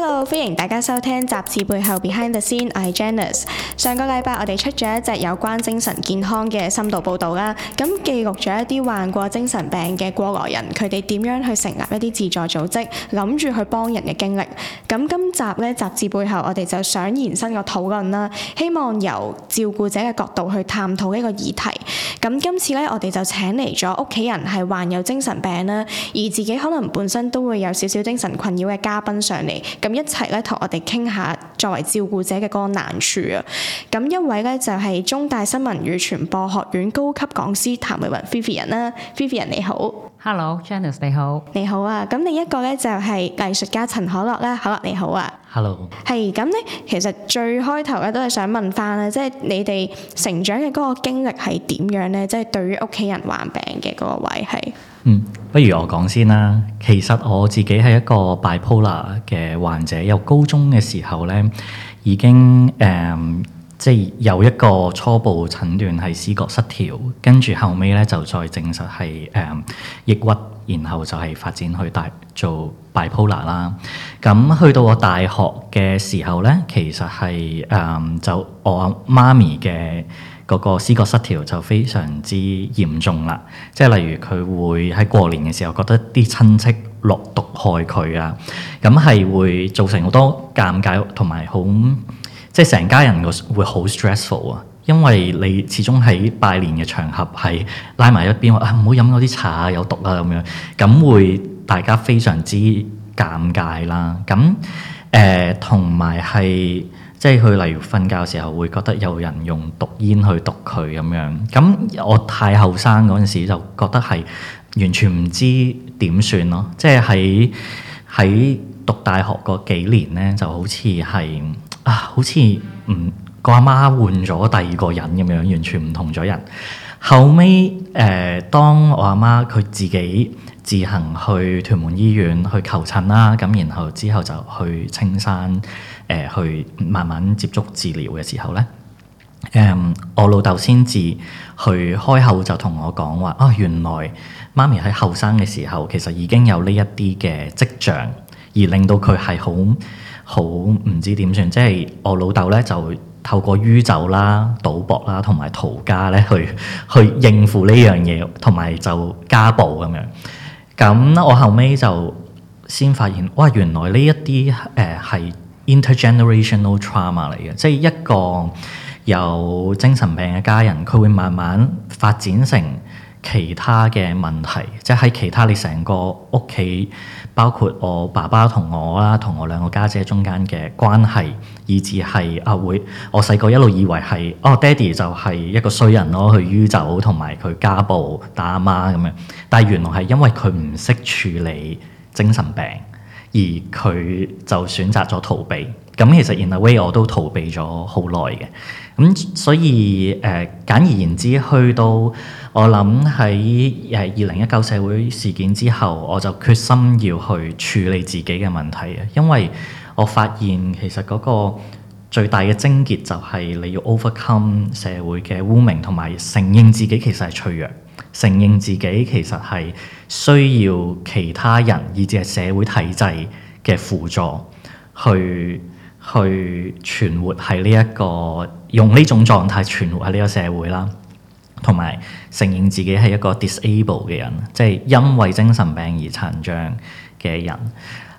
hello，歡迎大家收聽集誌背後 Behind the Scene，我係 Janice。上個禮拜我哋出咗一隻有關精神健康嘅深度報導啦，咁記錄咗一啲患過精神病嘅過來人，佢哋點樣去成立一啲自助組織，諗住去幫人嘅經歷。咁今集呢，集誌背後我哋就想延伸個討論啦，希望由照顧者嘅角度去探討一個議題。咁今次呢，我哋就請嚟咗屋企人係患有精神病啦，而自己可能本身都會有少少精神困擾嘅嘉賓上嚟。咁一齊咧，同我哋傾下作為照顧者嘅嗰個難處啊！咁一位咧就係、是、中大新聞與傳播學院高級講師譚蕙芸 Vivian 啦，Vivian 你好，Hello，Janice 你好，Hello, ice，你，好你好啊！咁另一個咧就係、是、藝術家陳可樂啦，可樂你好啊，Hello，係咁咧，其實最開頭咧都係想問翻咧，即、就、係、是、你哋成長嘅嗰個經歷係點樣咧？即、就、係、是、對於屋企人患病嘅嗰、那個位係。嗯、不如我講先啦。其實我自己係一個 bipolar 嘅患者，由高中嘅時候咧，已經誒、嗯，即係有一個初步診斷係思覺失調，跟住後尾咧就再證實係誒、嗯、抑鬱，然後就係發展去大做 bipolar 啦。咁、嗯、去到我大學嘅時候咧，其實係誒、嗯、就我媽咪嘅。個個思覺失調就非常之嚴重啦，即係例如佢會喺過年嘅時候覺得啲親戚落毒害佢啊，咁係會造成好多尷尬同埋好，即係成家人個會好 stressful 啊，因為你始終喺拜年嘅場合係拉埋一邊話啊，唔好飲嗰啲茶啊，有毒啊，咁樣，咁會大家非常之尷尬啦，咁誒同埋係。呃即係佢例如瞓覺時候會覺得有人用毒煙去毒佢咁樣，咁我太後生嗰陣時就覺得係完全唔知點算咯。即係喺喺讀大學嗰幾年咧，就好似係啊，好似唔個阿媽換咗第二個人咁樣，完全唔同咗人。後尾誒、呃，當我阿媽佢自己自行去屯門醫院去求診啦，咁然後之後就去青山。誒、呃、去慢慢接觸治療嘅時候咧，誒、um, 我老豆先至去開口就同我講話啊，原來媽咪喺後生嘅時候其實已經有呢一啲嘅跡象，而令到佢係好好唔知點算，即、就、係、是、我老豆咧就透過酗酒啦、賭博啦同埋逃家咧去去應付呢樣嘢，同埋就家暴咁樣。咁我後尾就先發現，哇！原來呢一啲誒係～、呃 Intergenerational trauma 嚟嘅，即係一個有精神病嘅家人，佢會慢慢發展成其他嘅問題，即係喺其他你成個屋企，包括我爸爸同我啦，同我兩個家姐中間嘅關係，以至係啊會，我細個一路以為係哦，爹哋就係一個衰人咯，去酗酒同埋佢家暴打阿媽咁樣，但係原來係因為佢唔識處理精神病。而佢就選擇咗逃避，咁其實 in a way 我都逃避咗好耐嘅，咁所以誒、呃、簡而言之，去到我諗喺誒二零一九社會事件之後，我就決心要去處理自己嘅問題嘅，因為我發現其實嗰個最大嘅症結就係你要 overcome 社會嘅污名同埋承認自己其實係脆弱。承認自己其實係需要其他人，以至係社會體制嘅輔助，去去存活喺呢一個用呢種狀態存活喺呢個社會啦，同埋承認自己係一個 disable 嘅人，即係因為精神病而殘障嘅人。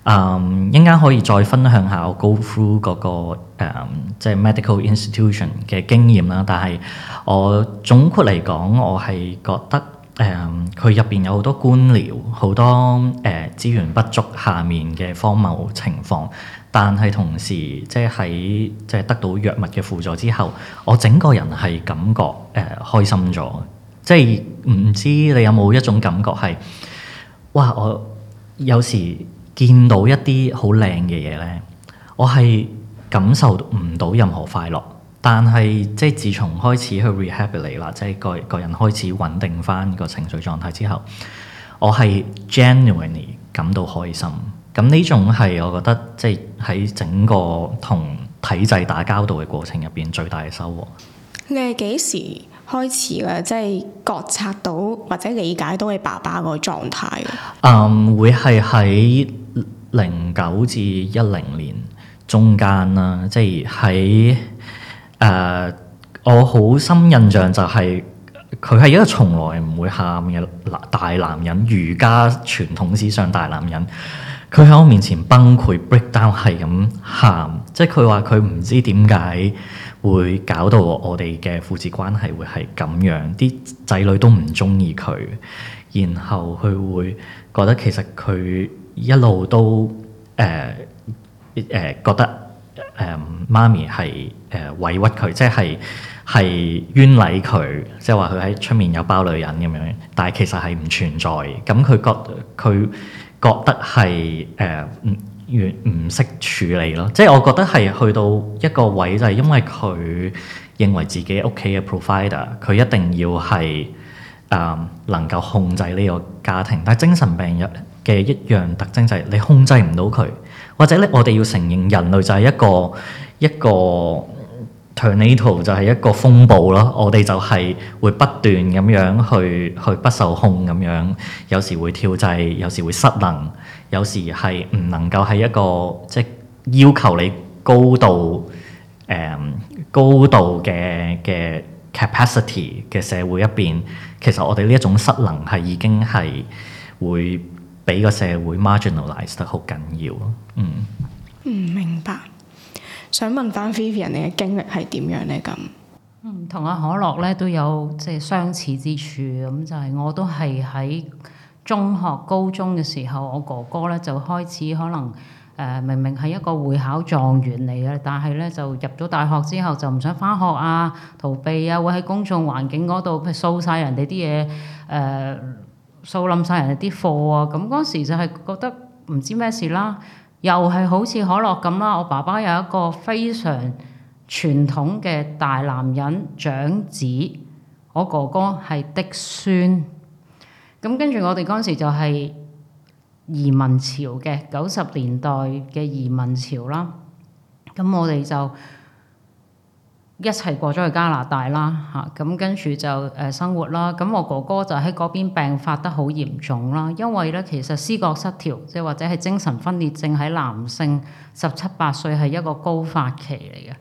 誒，陣間、um, 可以再分享下我 go through 嗰、那個誒，um, 即係 medical institution 嘅經驗啦。但係我總括嚟講，我係覺得誒，佢入邊有好多官僚、好多誒、uh, 資源不足下面嘅荒謬情況。但係同時，即係喺即係得到藥物嘅輔助之後，我整個人係感覺誒、uh, 開心咗。即係唔知你有冇一種感覺係，哇！我有時。見到一啲好靚嘅嘢咧，我係感受唔到任何快樂。但係即係自從開始去 rehabilit 啦，即係個個人開始穩定返個情緒狀態之後，我係 genuinely 感到開心。咁呢種係我覺得即係喺整個同體制打交道嘅過程入邊最大嘅收穫。你係幾時開始咧？即係覺察到或者理解到你爸爸個狀態？嗯，um, 會係喺。零九至一零年中間啦，即係喺誒，我好深印象就係佢係一個從來唔會喊嘅男大男人，儒家傳統思想大男人。佢喺我面前崩潰 break down，係咁喊，即係佢話佢唔知點解會搞到我哋嘅父子關係會係咁樣，啲仔女都唔中意佢，然後佢會覺得其實佢。一路都誒誒、呃呃、覺得誒、呃、媽咪係誒、呃、委屈佢，即係係冤枉佢，即係話佢喺出面有包女人咁樣，但係其實係唔存在，咁佢覺佢覺得係誒唔願唔識處理咯。即係我覺得係去到一個位，就係因為佢認為自己屋企嘅 provider，佢一定要係誒、呃、能夠控制呢個家庭。但係精神病人。嘅一樣特徵就係、是、你控制唔到佢，或者咧，我哋要承認人類就係一個一個 tornado 就係一個風暴咯。我哋就係會不斷咁樣去去不受控咁樣，有時會跳掣，有時會失能，有時係唔能夠喺一個即、就是、要求你高度誒、um, 高度嘅嘅 capacity 嘅社會入邊，其實我哋呢一種失能係已經係會，俾個社會 marginalize 得好緊要咯，嗯，唔明白。想問翻 Vivian，你嘅經歷係點樣咧？咁，嗯，同阿可樂咧都有即係相似之處。咁就係、是、我都係喺中學、高中嘅時候，我哥哥咧就開始可能誒、呃，明明係一個會考狀元嚟嘅，但係咧就入咗大學之後就唔想翻學啊，逃避啊，會喺公眾環境嗰度掃晒人哋啲嘢誒。呃掃冧晒人哋啲貨啊！咁嗰時就係覺得唔知咩事啦，又係好似可樂咁啦。我爸爸有一個非常傳統嘅大男人長子，我哥哥係嫡孫。咁跟住我哋嗰時就係移民潮嘅九十年代嘅移民潮啦。咁我哋就～一齊過咗去加拿大啦，嚇、啊、咁跟住就誒、呃、生活啦。咁、啊、我哥哥就喺嗰邊病發得好嚴重啦。因為咧，其實思覺失調即係或者係精神分裂症喺男性十七八歲係一個高發期嚟嘅。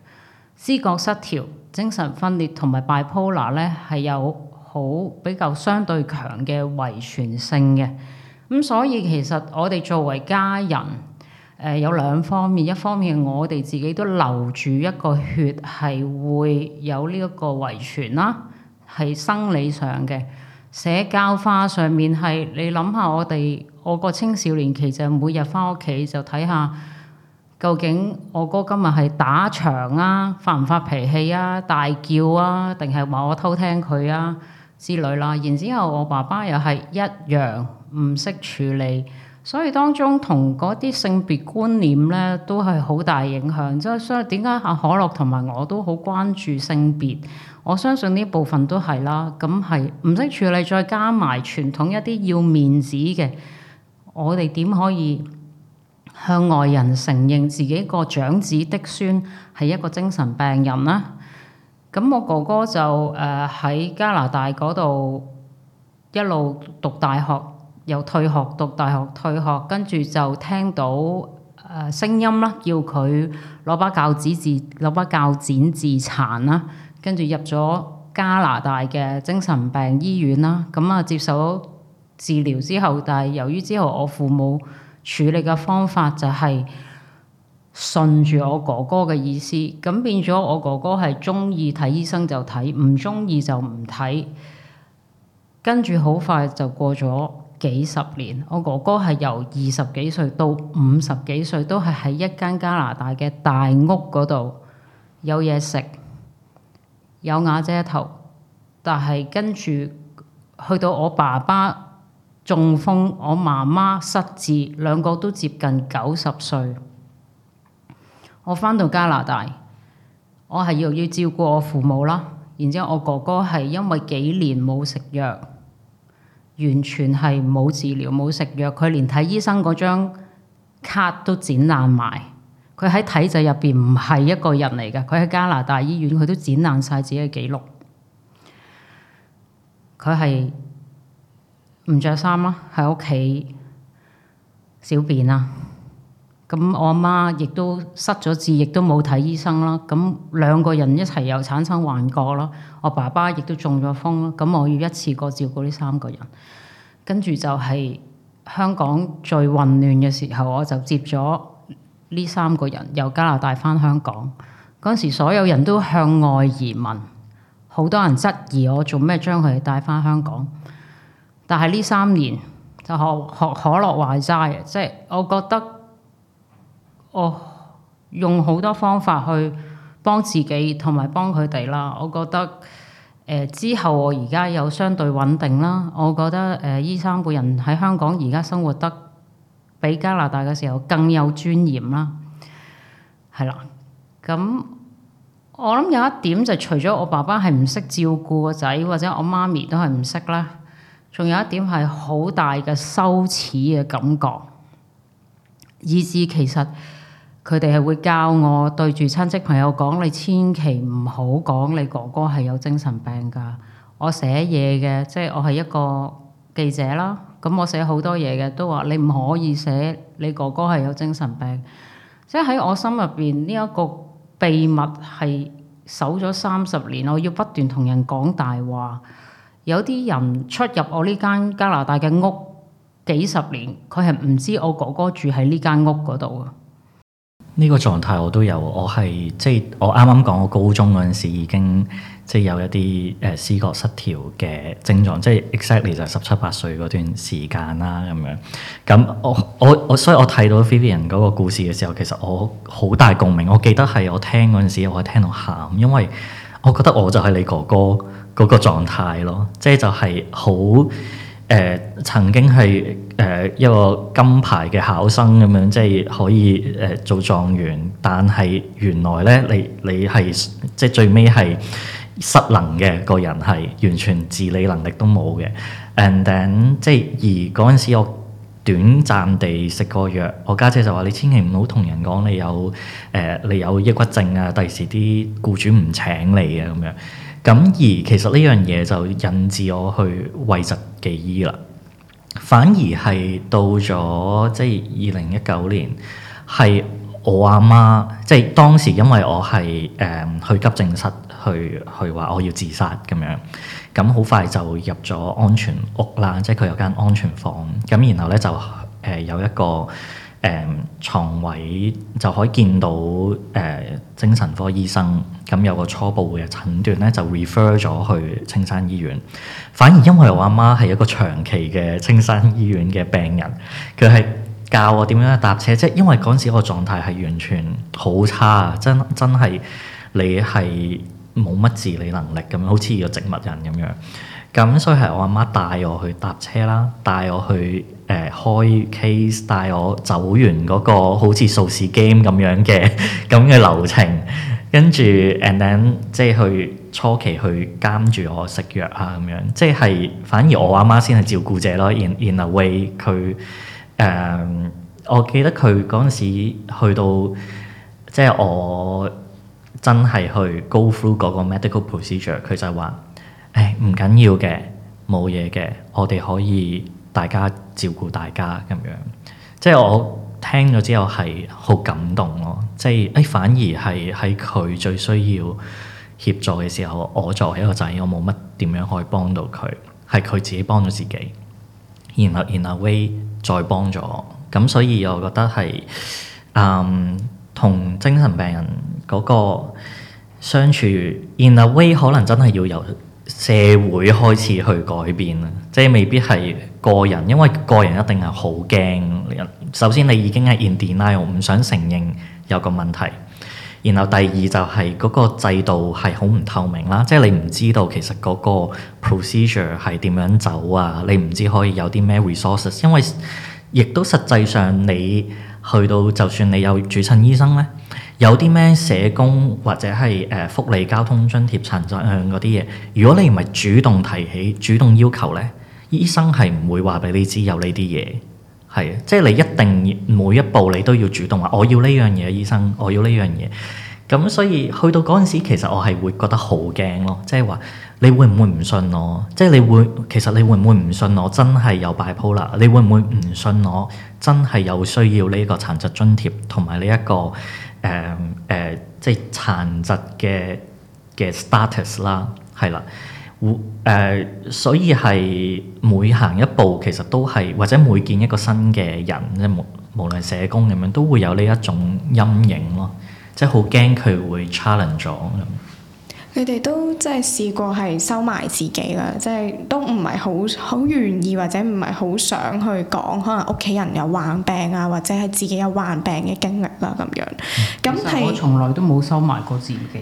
思覺失調、精神分裂同埋 bipolar 咧係有好比較相對強嘅遺傳性嘅。咁、嗯、所以其實我哋作為家人。誒有兩方面，一方面我哋自己都流住一個血係會有呢一個遺傳啦，係生理上嘅。社交化上面係你諗下，我哋我個青少年期就每日翻屋企就睇下，究竟我哥今日係打場啊，發唔發脾氣啊，大叫啊，定係話我偷聽佢啊之類啦。然之後我爸爸又係一樣唔識處理，所以當中同嗰啲性別觀念咧，都係好大影響。即係所以點解阿可樂同埋我都好關注性別？我相信呢一部分都係啦。咁係唔識處理，再加埋傳統一啲要面子嘅，我哋點可以向外人承認自己個長子的孫係一個精神病人呢？咁我哥哥就誒喺加拿大嗰度一路讀大學。又退學讀大學，退學跟住就聽到誒、呃、聲音啦，叫佢攞把鉸剪自攞把鉸剪自殘啦。跟住入咗加拿大嘅精神病醫院啦，咁啊接受治療之後，但係由於之後我父母處理嘅方法就係順住我哥哥嘅意思，咁變咗我哥哥係鍾意睇醫生就睇，唔鍾意就唔睇，跟住好快就過咗幾十年，我哥哥係由二十幾歲到五十幾歲，都係喺一間加拿大嘅大屋嗰度有嘢食，有瓦遮頭。但係跟住去到我爸爸中風，我媽媽失智，兩個都接近九十歲。我返到加拿大，我係又要照顧我父母啦。然之後我哥哥係因為幾年冇食藥。完全係冇治療冇食藥，佢連睇醫生嗰張卡都剪爛埋。佢喺體制入邊唔係一個人嚟㗎，佢喺加拿大醫院佢都剪爛晒自己嘅記錄。佢係唔着衫啦，喺屋企小便啦。咁我阿媽亦都失咗智，亦都冇睇醫生啦。咁兩個人一齊又產生幻覺咯。我爸爸亦都中咗風啦。咁我要一次過照顧呢三個人，跟住就係香港最混亂嘅時候，我就接咗呢三個人由加拿大返香港。嗰時所有人都向外移民，好多人質疑我做咩將佢哋帶返香港。但係呢三年就可可可樂壞齋嘅，即係我覺得。我、哦、用好多方法去幫自己同埋幫佢哋啦。我覺得、呃、之後我而家有相對穩定啦。我覺得誒依、呃、三個人喺香港而家生活得比加拿大嘅時候更有尊嚴啦。係啦，咁我諗有一點就除咗我爸爸係唔識照顧個仔，或者我媽咪都係唔識啦，仲有一點係好大嘅羞恥嘅感覺，以至其實。佢哋係會教我對住親戚朋友講：你千祈唔好講你哥哥係有精神病㗎。我寫嘢嘅，即係我係一個記者啦。咁我寫好多嘢嘅都話你唔可以寫你哥哥係有精神病。即係喺我心入邊呢一個秘密係守咗三十年，我要不斷同人講大話。有啲人出入我呢間加拿大嘅屋幾十年，佢係唔知我哥哥住喺呢間屋嗰度啊。呢個狀態我都有，我係即係我啱啱講我高中嗰陣時已經即係有一啲誒思覺失調嘅症狀，即係 exactly 就係十七八歲嗰段時間啦咁樣。咁我我我所以，我睇到 Vivian 嗰個故事嘅時候，其實我好大共鳴。我記得係我聽嗰陣時，我係聽到喊，因為我覺得我就係你哥哥嗰個狀態咯，即係就係好。誒、呃、曾經係誒、呃、一個金牌嘅考生咁樣，即係可以誒、呃、做狀元，但係原來咧，你你係即係最尾係失能嘅個人，係完全自理能力都冇嘅。And then 即係而嗰陣時我暫，我短暫地食過藥，我家姐就話：你千祈唔好同人講你有誒、呃，你有抑鬱症啊！第時啲僱主唔請你啊咁樣。咁而其實呢樣嘢就引致我去諱疾忌醫啦，反而係到咗即係二零一九年，係我阿媽即係當時因為我係誒去急症室去去話我要自殺咁樣，咁好快就入咗安全屋啦，即係佢有間安全房，咁然後咧就誒有一個。誒牀、um, 位就可以見到誒、uh, 精神科醫生，咁有個初步嘅診斷咧，就 refer 咗去青山醫院。反而因為我阿媽係一個長期嘅青山醫院嘅病人，佢係教我點樣搭車，即係因為嗰時我狀態係完全好差，真真係你係冇乜自理能力咁樣，好似個植物人咁樣。咁所以係我阿媽帶我去搭車啦，帶我去。誒、呃、開 case 帶我走完嗰個好似數字 game 咁 樣嘅咁嘅流程，跟住 and then 即係去初期去監住我食藥啊咁樣，即係反而我阿媽先係照顧者咯。in in a way 佢誒，uh, 我記得佢嗰陣時去到即係我真係去 go through 嗰個 medical procedure，佢就話：誒唔緊要嘅，冇嘢嘅，我哋可以。大家照顧大家咁樣，即係我聽咗之後係好感動咯。即係誒、哎，反而係喺佢最需要協助嘅時候，我作為一個仔，我冇乜點樣可以幫到佢，係佢自己幫到自己。然後，然後 in a way 再幫咗我，咁所以我覺得係嗯，同精神病人嗰個相處，然後 in a way 可能真係要有。社會開始去改變啦，即係未必係個人，因為個人一定係好驚。首先你已經係 in denial，唔想承認有個問題。然後第二就係嗰個制度係好唔透明啦，即係你唔知道其實嗰個 procedure 係點樣走啊，你唔知可以有啲咩 resources。因為亦都實際上你去到，就算你有主診醫生咧。有啲咩社工或者係誒、呃、福利交通津貼殘疾嗰啲嘢，如果你唔係主動提起、主動要求呢，醫生係唔會話俾你知有呢啲嘢係，即係你一定每一步你都要主動話我要呢樣嘢，醫生我要呢樣嘢。咁所以去到嗰陣時，其實我係會覺得好驚咯，即係話你會唔會唔信我？即係你會其實你會唔會唔信我真係有 bipolar 啦？你會唔會唔信我真係有需要呢一個殘疾津貼同埋呢一個？誒誒、uh, 呃，即係殘疾嘅嘅 status 啦，係啦，會、呃、誒，所以係每行一步，其實都係或者每見一個新嘅人，即係無無論社工咁樣，都會有呢一種陰影咯，即係好驚佢會 challenge 咗咁。佢哋都即係試過係收埋自己啦，即係都唔係好好願意或者唔係好想去講，可能屋企人有患病啊，或者係自己有患病嘅經歷啦咁樣。咁係我從來都冇收埋過自己嘅，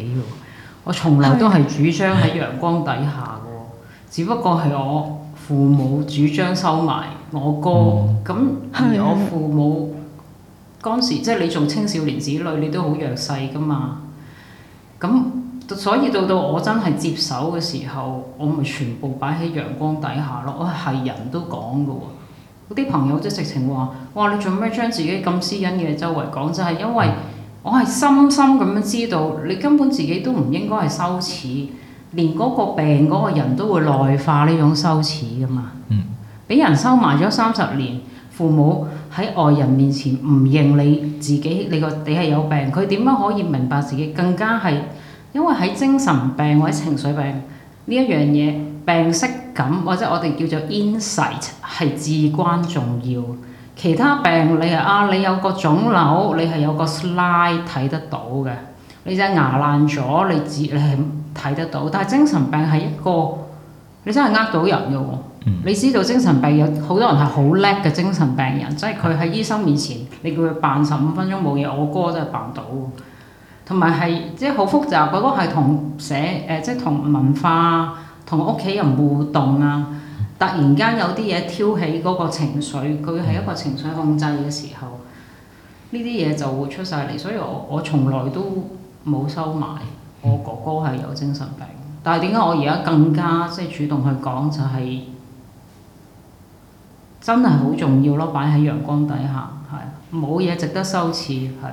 我從來都係主張喺陽光底下嘅，只不過係我父母主張收埋我哥，咁、嗯、而我父母嗰的時即係你做青少年子女，你都好弱勢噶嘛，咁。所以到到我真係接手嘅時候，我咪全部擺喺陽光底下咯。我係人都講噶喎，啲朋友即直情話：「哇！你做咩將自己咁私隱嘅周圍講？就係因為我係深深咁樣知道，你根本自己都唔應該係羞恥，連嗰個病嗰個人都會內化呢種羞恥噶嘛。嗯。俾人收埋咗三十年，父母喺外人面前唔認你自己，你個你係有病，佢點樣可以明白自己？更加係。」因為喺精神病或者情緒病呢一樣嘢，病識感或者我哋叫做 insight 係至關重要。其他病你係啊，你有個腫瘤，你係有個 slide 睇得到嘅；你隻牙爛咗，你治你係睇得到。但係精神病係一個，你真係呃到人嘅喎。嗯、你知道精神病有好多人係好叻嘅精神病人，即係佢喺醫生面前，你叫佢扮十五分鐘冇嘢，我哥真係扮到。同埋係即係好複雜，嗰個係同社誒，即係同文化、同屋企人互動啊。突然間有啲嘢挑起嗰個情緒，佢係一個情緒控制嘅時候，呢啲嘢就會出晒嚟。所以我我從來都冇收埋。我哥哥係有精神病，但係點解我而家更加即係、就是、主動去講、就是，就係真係好重要咯。擺喺陽光底下，係冇嘢值得羞恥，係。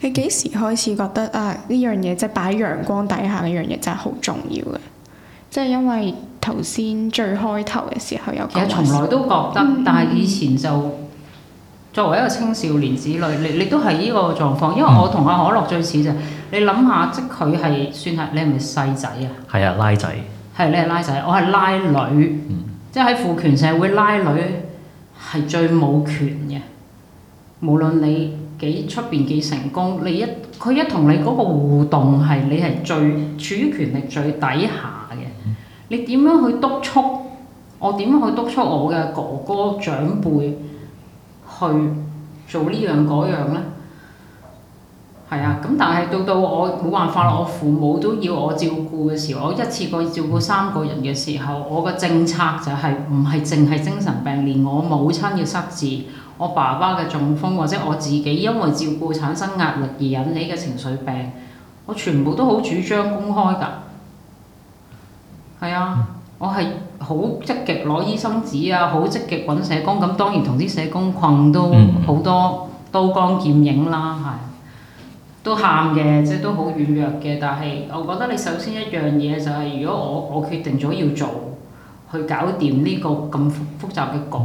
你幾時開始覺得啊，呢樣嘢，即係擺陽光底下呢樣嘢真係好重要嘅？即係因為頭先最開頭嘅時候有個時候其實從來都覺得，嗯、但係以前就作為一個青少年子女，你你都係呢個狀況。因為我同阿可樂最似啫。嗯、你諗下，即佢係算係你係咪細仔啊？係啊，拉仔，係你係拉仔，我係拉女。嗯、即係喺父權社會拉女係最冇權嘅，無論你。幾出邊幾成功？你一佢一同你嗰個互動係你係最處於權力最底下嘅。嗯、你點樣去督促？我點樣去督促我嘅哥哥長輩去做樣樣呢樣嗰樣咧？係啊，咁但係到到我冇辦法啦，我父母都要我照顧嘅時候，我一次過照顧三個人嘅時候，我嘅政策就係唔係淨係精神病，連我母親要失智。我爸爸嘅中風，或者我自己因為照顧產生壓力而引起嘅情緒病，我全部都好主張公開㗎。係啊，我係好積極攞醫生紙啊，好積極搵社工。咁當然同啲社工困都好多刀光劍影啦，係都喊嘅，即係都好軟弱嘅。但係我覺得你首先一樣嘢就係，如果我我決定咗要做，去搞掂呢個咁複雜嘅局。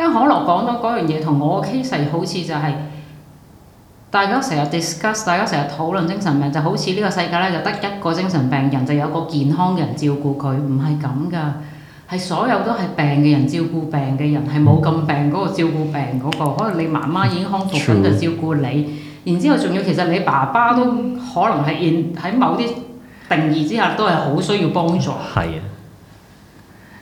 因為可樂講到嗰樣嘢，同我嘅 case 好似就係大家成日 discuss，大家成日討論精神病，就好似呢個世界咧，就得一個精神病人就有個健康嘅人照顧佢，唔係咁㗎，係所有都係病嘅人照顧病嘅人，係冇咁病嗰個照顧病嗰個。可能你媽媽已經康復，咁就照顧你， 然之後仲要其實你爸爸都可能係喺某啲定義之下都係好需要幫助。係啊。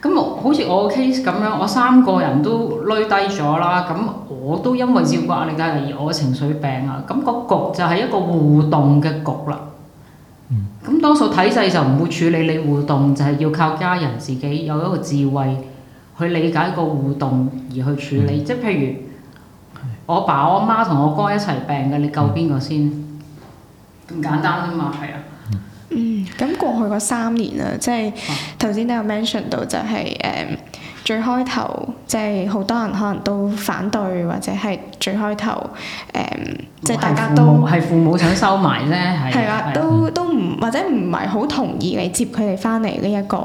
咁好似我 case 咁樣，我三個人都累低咗啦，咁我都因為照顧壓力大而我情緒病啊，咁個局就係一個互動嘅局啦。嗯。咁多數體制就唔會處理你互動，就係要靠家人自己有一個智慧去理解個互動而去處理，嗯、即係譬如我爸、我媽同我哥一齊病嘅，你救邊個先？咁、嗯、簡單啫嘛，係啊！嗯，咁過去嗰三年啊，即係頭先都有 mention 到、就是，就係誒最開頭，即係好多人可能都反對，或者係最開頭誒，嗯、即係大家都係父，父母想收埋咧，係係啊，啊都都唔或者唔係好同意你接佢哋翻嚟呢一個誒、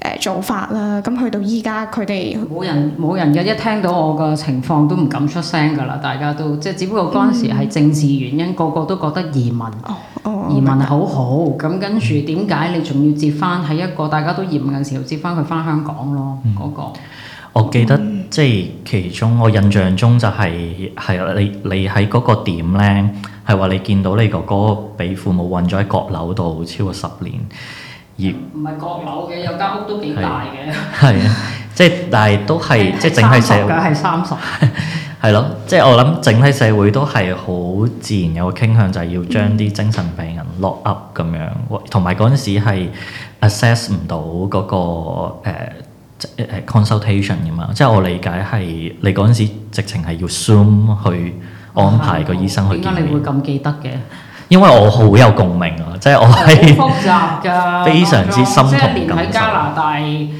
呃、做法啦。咁去到依家，佢哋冇人冇人嘅，一聽到我嘅情況都唔敢出聲噶啦。大家都即係只不過嗰陣時係政治原因，嗯、個個都覺得移民。Oh, 移民係好好，咁跟住點解你仲要接翻喺一個、嗯、大家都移民嘅時候接翻佢翻香港咯？嗰、嗯嗰個，我記得、嗯、即係其中，我印象中就係、係、係你你喺嗰個點咧，係話你見到你哥哥俾父母韞咗喺閣樓度超過十年，而唔係閣樓嘅有間屋都幾大嘅。係啊是，即係 但係都係即係整係寫。係三十。 係咯、啊，即係我諗整體社會都係好自然有個傾向，就係要將啲精神病人 lock up 咁樣，同埋嗰陣時係 assess 唔到嗰、那個誒、uh, consultation 㗎嘛。即係我理解係你嗰陣時直情係要 zoom、um、去安排個、啊、醫生去見面。點解你會咁記得嘅？因為我好有共鳴啊！即係我係非常之心痛。喺加拿大醫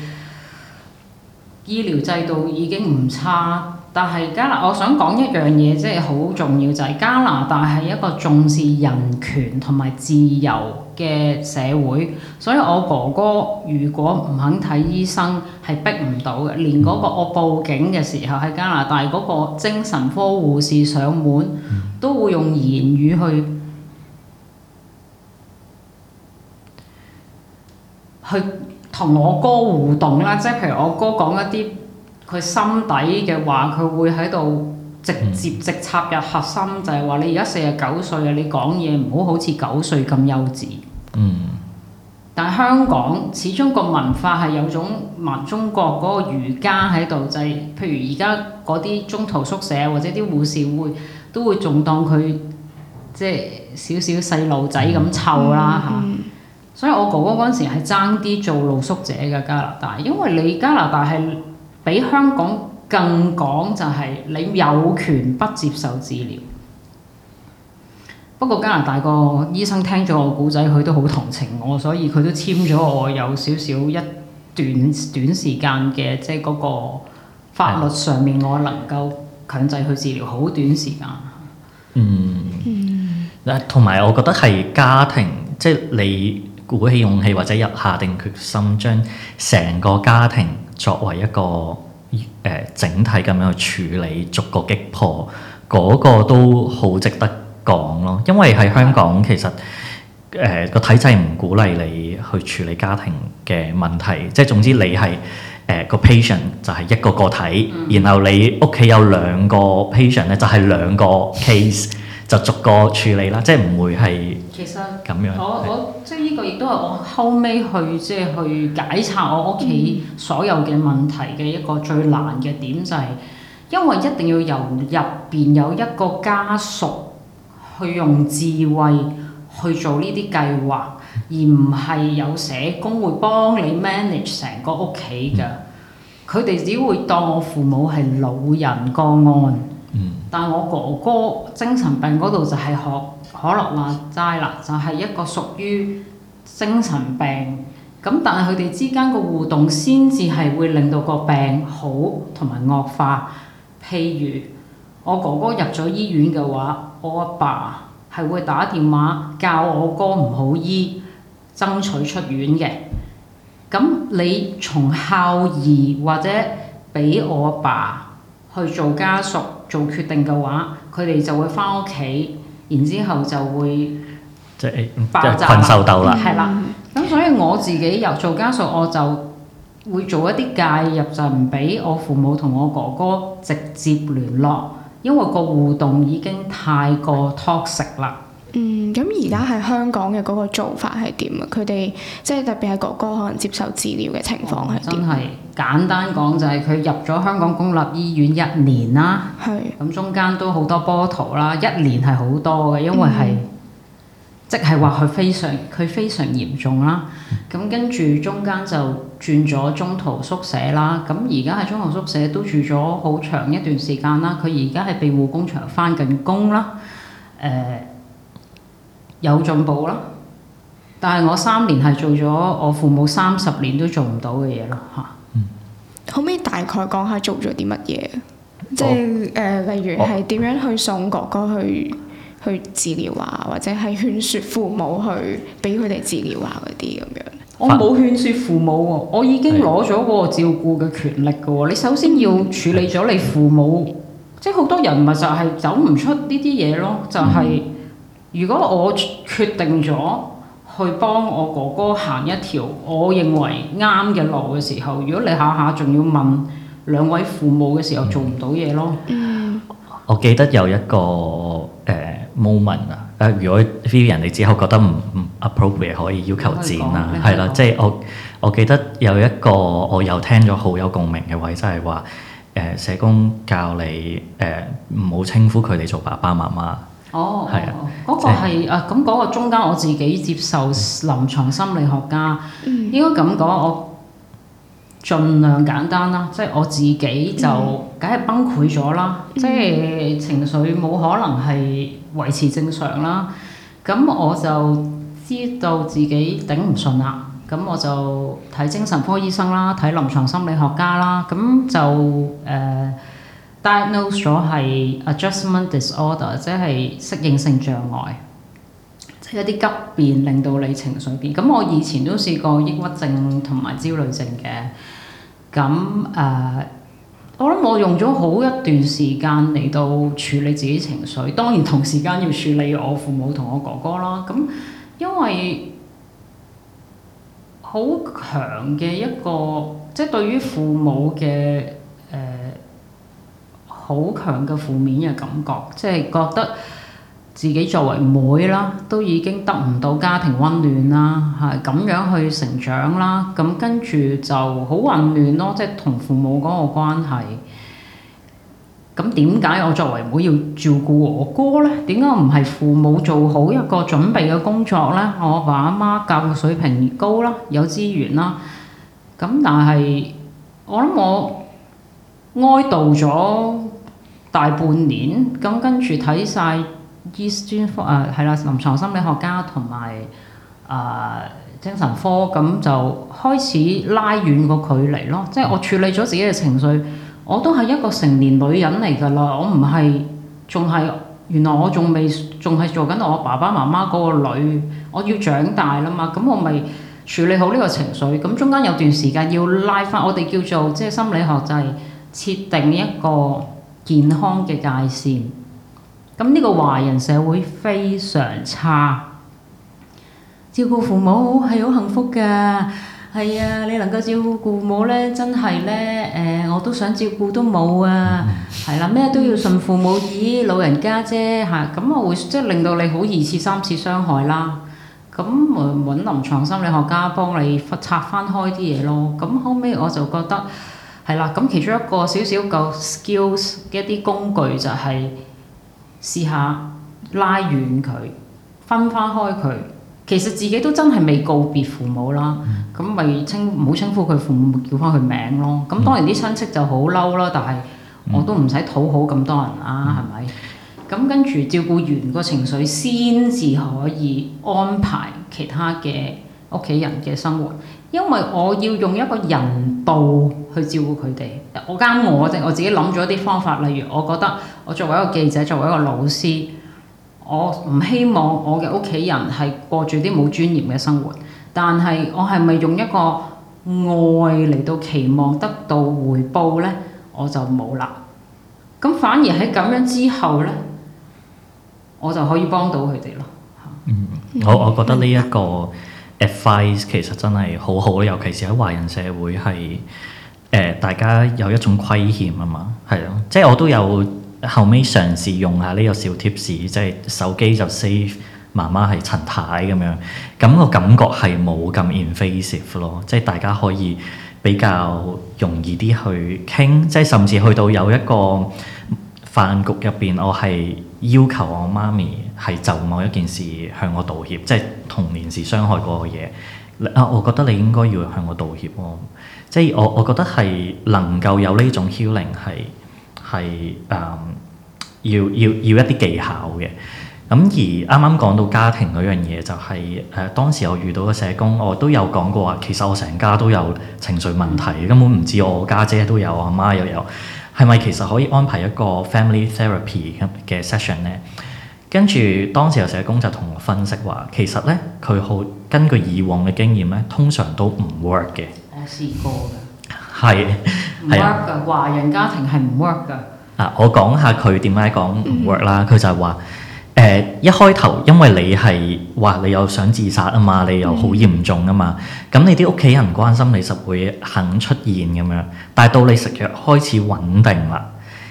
療制度已經唔差。 但係加拿、拿我想講一樣嘢，即係好重要，就係加拿大係一個重視人權同埋自由嘅社會，所以我哥哥如果唔肯睇醫生係逼唔到嘅。連嗰個我報警嘅時候喺加拿大嗰個精神科護士上門，都會用言語去去同我哥互動啦，即係譬如我哥講一啲。佢心底嘅話，佢會喺度直接直接插入核心，嗯、就係話你而家四十九歲啊，你講嘢唔好好似九歲咁幼稚。嗯。但係香港始終個文化係有種民中國嗰個儒家喺度，就係、是、譬如而家嗰啲中途宿舍或者啲護士會都會仲當佢即係少少細路仔咁湊啦嚇。所以我哥哥嗰陣時係爭啲做露宿者嘅加拿大，因為你加拿大係。比香港更講就係你有權不接受治療。不過加拿大個醫生聽咗我故仔，佢都好同情我，所以佢都簽咗我有少少一段短時間嘅，即係嗰個法律上面的我能夠強制去治療，好短時間。嗯，嗱，同埋我覺得係家庭，即係你鼓起勇氣或者入下定決心，將成個家庭。作為一個誒、呃、整體咁樣去處理，逐個擊破，嗰、那個都好值得講咯。因為喺香港，其實誒個、呃、體制唔鼓勵你去處理家庭嘅問題，即係總之你係誒個 patient 就係一個個體，嗯、然後你屋企有兩個 patient 咧，就係兩個 case。 就逐個處理啦，即係唔會係咁樣。其實我是我即係呢個亦都係我後尾去即係去解拆我屋企所有嘅問題嘅一個最難嘅點，就係因為一定要由入邊有一個家屬去用智慧去做呢啲計劃，嗯、而唔係有社工會幫你 manage 成個屋企嘅。佢哋，嗯、只會當我父母係老人個案。但我哥哥精神病嗰度就係、是、可可樂爛齋啦，就係一個屬於精神病。咁但係佢哋之間個互動先至係會令到個病好同埋惡化。譬如我哥哥入咗醫院嘅話，我阿爸係會打電話教我哥唔好醫，爭取出院嘅。咁你從孝兒或者俾我阿爸，爸去做家屬。做決定嘅話，佢哋就會翻屋企，然之後就會即係困獸鬥啦，係啦、嗯。咁 所以我自己由做家屬，我就會做一啲介入，就唔俾我父母同我哥哥直接聯絡，因為個互動已經太過 toxic 啦。嗯，咁而家喺香港嘅嗰個做法係點啊？佢哋即係特別係哥哥可能接受治療嘅情況，係真係簡單講就係佢入咗香港公立醫院一年啦。係是。咁中間都好多波途啦，一年係好多嘅，因為係、嗯、即係話佢非常佢非常嚴重啦。咁跟住中間就轉咗中途宿舍啦。咁而家喺中途宿舍都住咗好長一段時間啦。佢而家喺庇護工場返緊工啦。誒、呃。有進步啦，但係我三年係做咗我父母三十年都做唔到嘅嘢咯，嚇、嗯。可唔可以大概講下做咗啲乜嘢？哦、即係誒、呃，例如係點樣去送哥哥去去治療啊，或者係勸説父母去俾佢哋治療啊嗰啲咁樣。我冇勸説父母喎，我已經攞咗個照顧嘅權力㗎喎。嗯、你首先要處理咗你父母，嗯、即係好多人咪就係走唔出呢啲嘢咯，就係、是。如果我決定咗去幫我哥哥行一條我認為啱嘅路嘅時候，如果你下下仲要問兩位父母嘅時候，嗯、做唔到嘢咯。我記得有一個誒 moment 啊，誒如果 Vivian 你之後覺得唔唔 appropriate，可以要求剪啊，係啦，即係我我記得有一個我又聽咗好有共鳴嘅位，就係話誒社工教你誒唔好稱呼佢哋做爸爸媽媽。哦，嗰的個係、就是、啊，咁、那、嗰個中間我自己接受臨床心理學家，嗯、應該咁講，我盡量簡單啦，即、就、係、是、我自己就梗係崩潰咗啦，即係、嗯、情緒冇可能係維持正常啦，咁我就知道自己頂唔順啦，咁我就睇精神科醫生啦，睇臨床心理學家啦，咁就誒。呃 diagnose 咗係 adjustment disorder，即係適應性障礙，即係一啲急變令到你情緒變。咁我以前都試過抑鬱症同埋焦慮症嘅。咁誒、呃，我諗我用咗好一段時間嚟到處理自己情緒，當然同時間要處理我父母同我哥哥啦。咁因為好強嘅一個，即係對於父母嘅。好強嘅負面嘅感覺，即係覺得自己作為妹啦，都已經得唔到家庭溫暖啦，係咁樣去成長啦，咁跟住就好混亂咯，即係同父母嗰個關係。咁點解我作為妹要照顧我哥呢？點解唔係父母做好一個準備嘅工作呢？我爸阿媽教育水平高啦，有資源啦。咁但係我諗我哀悼咗。大半年咁，跟住睇晒醫專科誒係啦，臨床、啊、心理學家同埋誒精神科，咁就開始拉遠個距離咯。即係我處理咗自己嘅情緒，我都係一個成年女人嚟㗎啦。我唔係仲係原來我仲未仲係做緊我爸爸媽媽嗰個女，我要長大啦嘛。咁我咪處理好呢個情緒。咁中間有段時間要拉返，我哋叫做即係心理學就係設定一個健康嘅界線，咁呢個華人社會非常差， 照顧父母係好幸福㗎，係啊，你能夠照顧父母咧，真係呢，誒、呃，我都想照顧都冇啊，係啦、啊，咩都要順父母意、呃，老人家啫嚇，咁、嗯、啊、嗯、會即係令到你好二次三次傷害啦，咁啊揾臨牀心理學家幫你拆翻開啲嘢咯，咁、嗯、後尾我就覺得。係啦，咁其中一個少少個 skills 嘅一啲工具就係試下拉遠佢，分翻開佢。其實自己都真係未告別父母啦，咁咪稱唔好稱呼佢父母，叫翻佢名咯。咁、嗯、當然啲親戚就好嬲啦，但係我都唔使討好咁多人啦、啊，係咪、嗯？咁跟住照顧完個情緒，先至可以安排其他嘅屋企人嘅生活。因為我要用一個人道去照顧佢哋，我間我我自己諗咗一啲方法。例如，我覺得我作為一個記者，作為一個老師，我唔希望我嘅屋企人係過住啲冇尊嚴嘅生活。但係我係咪用一個愛嚟到期望得到回報呢？我就冇啦。咁反而喺咁樣之後呢，我就可以幫到佢哋咯。好、嗯，我我覺得呢、這、一個。其實真係好好咯，尤其是喺華人社會係誒、呃，大家有一種虧欠啊嘛，係、那個、咯，即係我都有後尾嘗試用下呢個小 tips，即係手機就 save 媽媽係陳太咁樣，咁個感覺係冇咁 invasive 咯，即係大家可以比較容易啲去傾，即係甚至去到有一個飯局入邊，我係。要求我媽咪係就某一件事向我道歉，即係童年時傷害過嘅嘢。啊，我覺得你應該要向我道歉喎。即係我，我覺得係能夠有呢種 h e a l i 係要要要一啲技巧嘅。咁而啱啱講到家庭嗰樣嘢，就係誒當時我遇到嘅社工，我都有講過話，其實我成家都有情緒問題，根本唔知我家姐，姐都有，阿媽又有。係咪其實可以安排一個 family therapy 嘅 session 咧？跟住當時有社工就同我分析話，其實咧佢好根據以往嘅經驗咧，通常都唔 work 嘅。我試過㗎，係唔是 work 嘅 華人家庭係唔 work 㗎。啊，我講下佢點解講唔 work 啦，佢就係話。誒、uh, 一開頭，因為你係話你又想自殺啊嘛，你又好嚴重啊嘛，咁、嗯、你啲屋企人關心你實會肯出現咁樣。但係到你食藥開始穩定啦，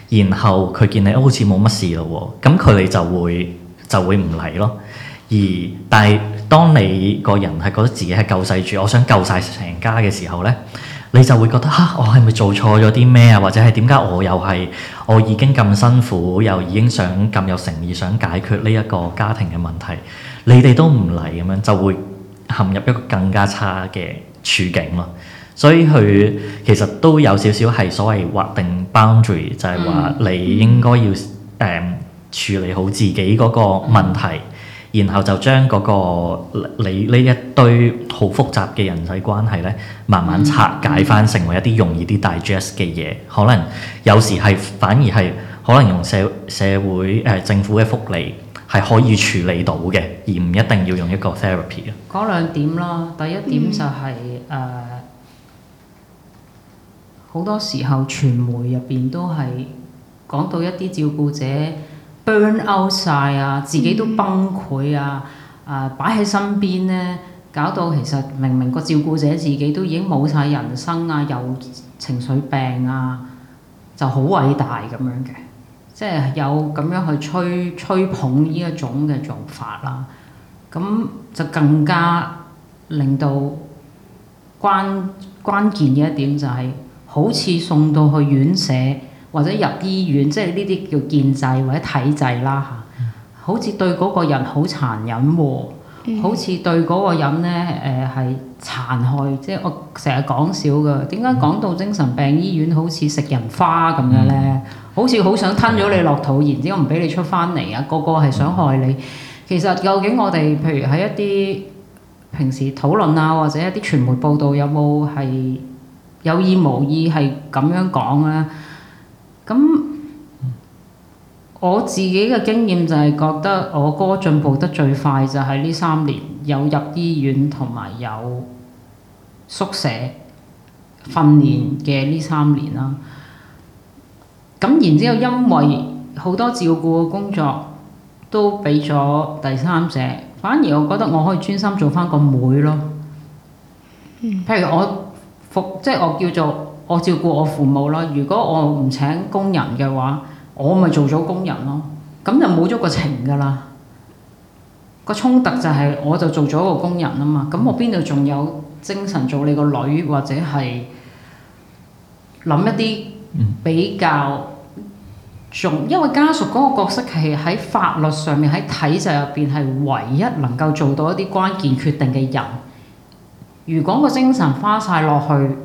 然後佢見你好似冇乜事咯喎，咁佢哋就會就會唔嚟咯。而但係當你個人係覺得自己係救世主，我想救晒成家嘅時候咧。你就會覺得嚇、啊，我係咪做錯咗啲咩啊？或者係點解我又，係我已經咁辛苦，又已經想咁有誠意，想解決呢一個家庭嘅問題，你哋都唔嚟咁樣，就會陷入一個更加差嘅處境咯。所以佢其實都有少少係所謂劃定 boundary，就係話你應該要誒處理好自己嗰個問題。然後就將嗰、那個你呢一堆好複雜嘅人際關係咧，慢慢拆解翻、嗯嗯、成為一啲容易啲 digest 嘅嘢。可能有時係、嗯、反而係可能用社社會誒、呃、政府嘅福利係可以處理到嘅，而唔一定要用一個 therapy 啊。嗰兩點咯，第一點就係誒好多時候傳媒入邊都係講到一啲照顧者。Burn out 晒啊，自己都崩潰啊！啊、呃，擺喺身邊呢，搞到其實明明個照顧者自己都已經冇晒人生啊，有情緒病啊，就好偉大咁樣嘅，即係有咁樣去吹吹捧呢一種嘅做法啦。咁就更加令到關關鍵嘅一點就係、是，好似送到去院舍。或者入醫院，即係呢啲叫建制或者體制啦嚇，好似對嗰個人好殘忍喎，好似對嗰個人呢誒係、呃、殘害，即係我成日講笑嘅。點解講到精神病醫院好似食人花咁樣呢？好似好想吞咗你落肚，然之後唔俾你出翻嚟啊！個個係想害你。其實究竟我哋譬如喺一啲平時討論啊，或者一啲傳媒報導有冇係有，有意無意係咁樣講呢？咁我自己嘅經驗就係覺得我哥進步得最快就係呢三年有入醫院同埋有宿舍訓練嘅呢三年啦。咁、嗯、然之後因為好多照顧嘅工作都俾咗第三者，反而我覺得我可以專心做翻個妹咯。嗯、譬如我服，即係我叫做。我照顧我父母啦。如果我唔請工人嘅話，我咪做咗工人咯。咁就冇咗個情噶啦。個衝突就係我就做咗個工人啊嘛。咁我邊度仲有精神做你個女或者係諗一啲比較仲？因為家屬嗰個角色係喺法律上面喺體制入邊係唯一能夠做到一啲關鍵決定嘅人。如果個精神花晒落去。